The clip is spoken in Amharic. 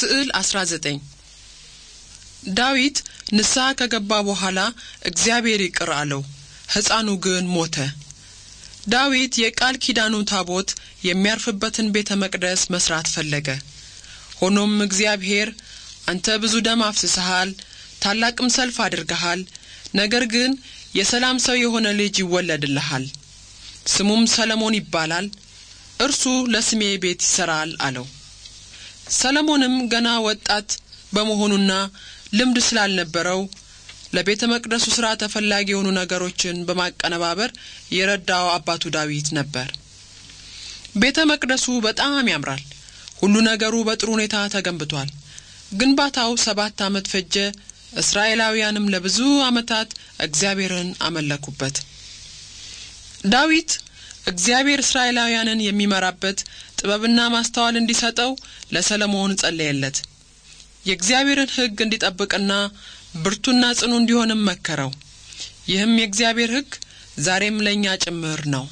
ስዕል 19 ዳዊት ንስሐ ከገባ በኋላ እግዚአብሔር ይቅር አለው፣ ሕፃኑ ግን ሞተ። ዳዊት የቃል ኪዳኑ ታቦት የሚያርፍበትን ቤተ መቅደስ መስራት ፈለገ። ሆኖም እግዚአብሔር አንተ ብዙ ደም አፍስሰሃል፣ ታላቅም ሰልፍ አድርገሃል፣ ነገር ግን የሰላም ሰው የሆነ ልጅ ይወለድልሃል፣ ስሙም ሰለሞን ይባላል፣ እርሱ ለስሜ ቤት ይሠራል አለው። ሰለሞንም ገና ወጣት በመሆኑና ልምድ ስላልነበረው ለቤተ መቅደሱ ሥራ ተፈላጊ የሆኑ ነገሮችን በማቀነባበር የረዳው አባቱ ዳዊት ነበር። ቤተ መቅደሱ በጣም ያምራል። ሁሉ ነገሩ በጥሩ ሁኔታ ተገንብቷል። ግንባታው ሰባት ዓመት ፈጀ። እስራኤላውያንም ለብዙ ዓመታት እግዚአብሔርን አመለኩበት። ዳዊት እግዚአብሔር እስራኤላውያንን የሚመራበት ጥበብና ማስተዋል እንዲሰጠው ለሰለሞን ጸለየለት። የእግዚአብሔርን ሕግ እንዲጠብቅና ብርቱና ጽኑ እንዲሆንም መከረው። ይህም የእግዚአብሔር ሕግ ዛሬም ለእኛ ጭምር ነው።